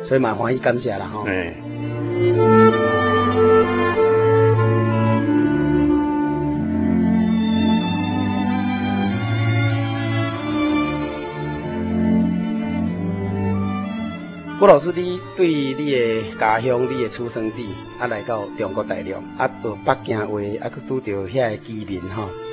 所以蠻歡喜感謝啦吼。郭、嗯、老師，你對你嘅家鄉、你嘅出生地，啊來到中國大陸，啊學北京話，啊去拄到遐的居民吼、哦。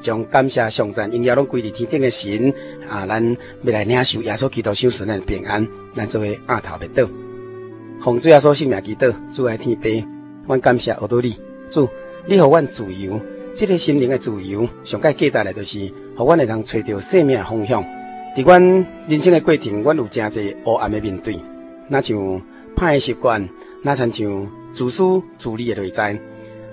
將感謝上站，因也攏歸佇天頂嘅神啊，咱未來領受耶穌基督手賜咱平安，咱作為亞頭彼得，奉主耶穌性命基督，主愛天父，阮感謝奧多利，主，你予阮自由，即、這個心靈嘅自由，上界記大咧，就是予阮嘅人找到生命嘅方向。佇阮人生嘅過程，阮有真濟黑暗嘅面對，若像歹嘅習慣，若親像自私自利嘅內在。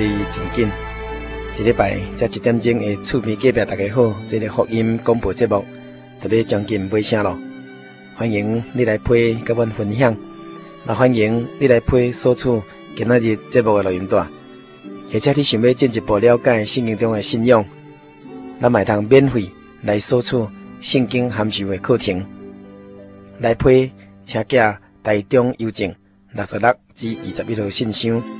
最近一禮拜在一點鐘的厝邊隔壁，大家好，這個福音廣播節目特別將近尾聲了，歡迎你來配跟阮分享，也歡迎你來配所處今仔日節目嘅錄音帶，或者你想要進一步了解聖經中嘅信仰，咱嘛會通免費來所處聖經函授嘅課程，來配車架台中郵政六十六至二十一號信箱。